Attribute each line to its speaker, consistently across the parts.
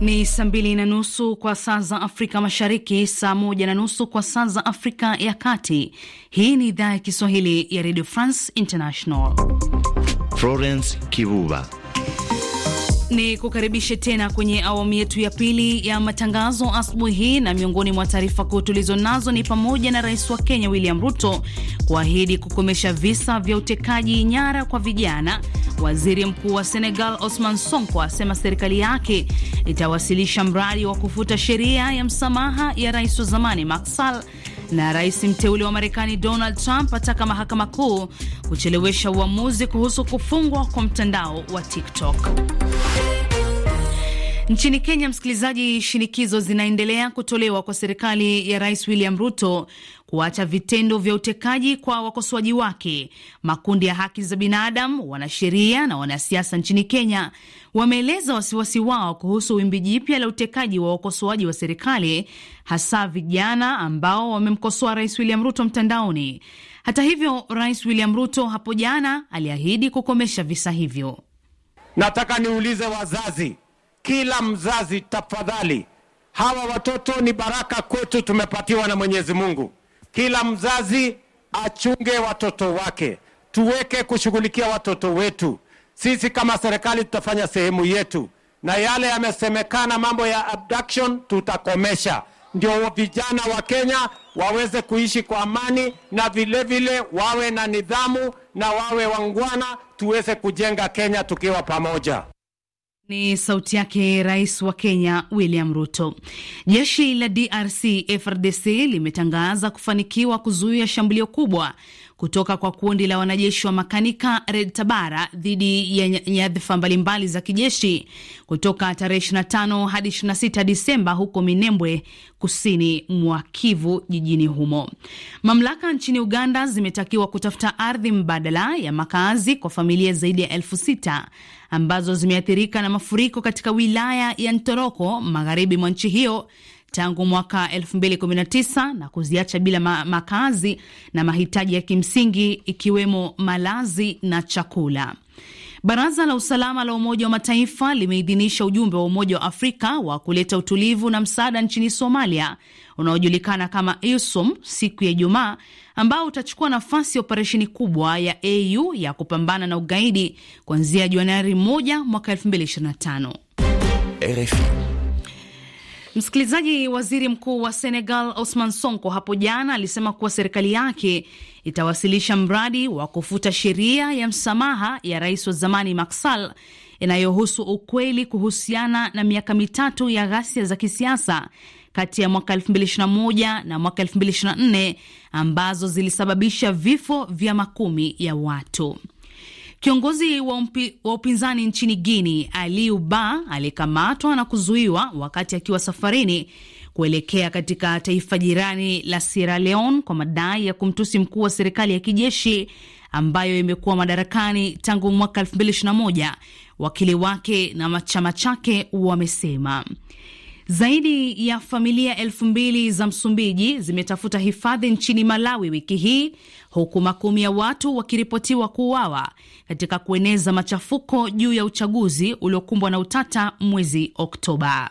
Speaker 1: Ni saa mbili na nusu kwa saa za Afrika Mashariki, saa moja na nusu kwa saa za Afrika ya Kati. Hii ni idhaa ya Kiswahili ya Radio France International.
Speaker 2: Florence Kivuva
Speaker 1: ni kukaribishe tena kwenye awamu yetu ya pili ya matangazo asubuhi hii, na miongoni mwa taarifa kuu tulizo nazo ni pamoja na rais wa Kenya William Ruto kuahidi kukomesha visa vya utekaji nyara kwa vijana. Waziri mkuu wa Senegal Osman Sonko asema serikali yake itawasilisha mradi wa kufuta sheria ya msamaha ya rais wa zamani Macky Sall na rais mteule wa Marekani Donald Trump ataka mahakama kuu kuchelewesha uamuzi kuhusu kufungwa kwa mtandao wa TikTok. Nchini Kenya, msikilizaji, shinikizo zinaendelea kutolewa kwa serikali ya Rais William Ruto kuacha vitendo vya utekaji kwa wakosoaji wake. Makundi ya haki za binadamu, wanasheria na wanasiasa nchini Kenya wameeleza wasiwasi wao kuhusu wimbi jipya la utekaji wa wakosoaji wa serikali, hasa vijana ambao wamemkosoa Rais William Ruto mtandaoni. Hata hivyo, Rais William Ruto hapo jana aliahidi kukomesha visa hivyo.
Speaker 2: Nataka niulize wazazi kila mzazi, tafadhali, hawa watoto ni baraka kwetu, tumepatiwa na Mwenyezi Mungu. Kila mzazi achunge watoto wake, tuweke kushughulikia watoto wetu. Sisi kama serikali tutafanya sehemu yetu, na yale yamesemekana mambo ya abduction tutakomesha, ndio vijana wa Kenya waweze kuishi kwa amani na vilevile vile wawe na nidhamu na wawe wangwana, tuweze kujenga Kenya tukiwa pamoja.
Speaker 1: Ni sauti yake Rais wa Kenya William Ruto. Jeshi la DRC FRDC limetangaza kufanikiwa kuzuia shambulio kubwa kutoka kwa kundi la wanajeshi wa makanika Red Tabara dhidi ya nyadhifa mbalimbali za kijeshi kutoka tarehe 25 hadi 26 Disemba huko Minembwe, kusini mwa Kivu jijini humo. Mamlaka nchini Uganda zimetakiwa kutafuta ardhi mbadala ya makazi kwa familia zaidi ya elfu sita ambazo zimeathirika na mafuriko katika wilaya ya Ntoroko magharibi mwa nchi hiyo tangu mwaka 2019 na kuziacha bila ma makazi na mahitaji ya kimsingi ikiwemo malazi na chakula. Baraza la usalama la Umoja wa Mataifa limeidhinisha ujumbe wa Umoja wa Afrika wa kuleta utulivu na msaada nchini Somalia unaojulikana kama EUSOM siku ya Ijumaa, ambao utachukua nafasi ya operesheni kubwa ya AU ya kupambana na ugaidi kuanzia Januari 1 mwaka 2025. Msikilizaji, waziri mkuu wa Senegal Osman Sonko hapo jana alisema kuwa serikali yake itawasilisha mradi wa kufuta sheria ya msamaha ya rais wa zamani Macky Sall inayohusu ukweli kuhusiana na miaka mitatu ya ghasia za kisiasa kati ya mwaka 2021 na mwaka 2024 ambazo zilisababisha vifo vya makumi ya watu. Kiongozi wa, umpi, wa upinzani nchini Guini Aliu Ba aliyekamatwa na kuzuiwa wakati akiwa safarini kuelekea katika taifa jirani la Sierra Leone kwa madai ya kumtusi mkuu wa serikali ya kijeshi ambayo imekuwa madarakani tangu mwaka 2021, wakili wake na chama chake wamesema. Zaidi ya familia elfu mbili za Msumbiji zimetafuta hifadhi nchini Malawi wiki hii huku makumi ya watu wakiripotiwa kuuawa katika kueneza machafuko juu ya uchaguzi uliokumbwa na utata mwezi Oktoba.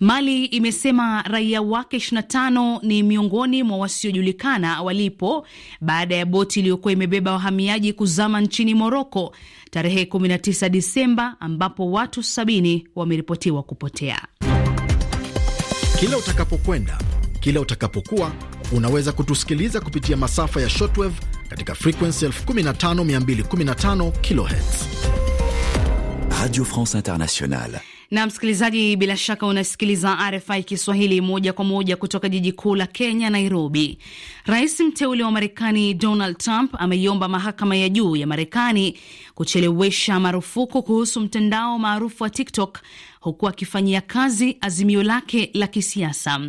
Speaker 1: Mali imesema raia wake 25 ni miongoni mwa wasiojulikana walipo baada ya boti iliyokuwa imebeba wahamiaji kuzama nchini Moroko tarehe 19 Disemba, ambapo watu sabini wameripotiwa kupotea.
Speaker 2: Kila utakapokwenda, kila utakapokuwa, unaweza kutusikiliza kupitia masafa ya shortwave katika frequency 15215 kilohertz. Radio France Internationale.
Speaker 1: Na msikilizaji, bila shaka unasikiliza RFI Kiswahili moja kwa moja kutoka jiji kuu la Kenya, Nairobi. Rais mteule wa Marekani Donald Trump ameiomba mahakama ya juu ya Marekani kuchelewesha marufuku kuhusu mtandao maarufu wa TikTok huku akifanyia kazi azimio lake la kisiasa.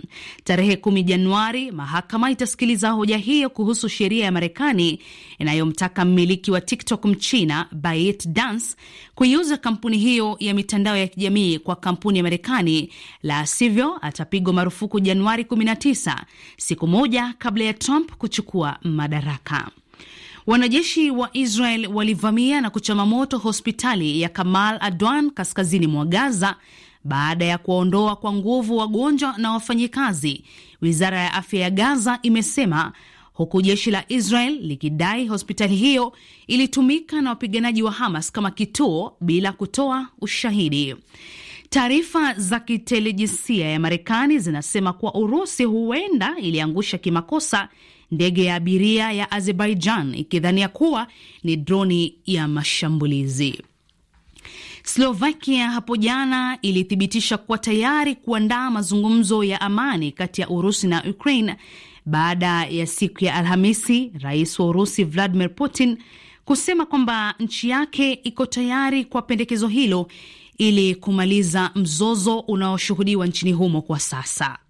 Speaker 1: Tarehe 1 Januari, mahakama itasikiliza hoja hiyo kuhusu sheria ya Marekani inayomtaka mmiliki wa TikTok mchina ByteDance kuiuza kampuni hiyo ya mitandao ya kijamii kwa kampuni ya Marekani, la sivyo atapigwa marufuku Januari 19, siku moja kabla ya Trump kuchukua madaraka. Wanajeshi wa Israel walivamia na kuchoma moto hospitali ya Kamal Adwan kaskazini mwa Gaza baada ya kuwaondoa kwa nguvu wagonjwa na wafanyikazi, wizara ya afya ya Gaza imesema, huku jeshi la Israel likidai hospitali hiyo ilitumika na wapiganaji wa Hamas kama kituo bila kutoa ushahidi. Taarifa za kitelejinsia ya Marekani zinasema kuwa Urusi huenda iliangusha kimakosa ndege ya abiria ya Azerbaijan ikidhania kuwa ni droni ya mashambulizi. Slovakia hapo jana ilithibitisha kuwa tayari kuandaa mazungumzo ya amani kati ya Urusi na Ukraine baada ya siku ya Alhamisi rais wa Urusi Vladimir Putin kusema kwamba nchi yake iko tayari kwa pendekezo hilo ili kumaliza mzozo unaoshuhudiwa nchini humo kwa sasa.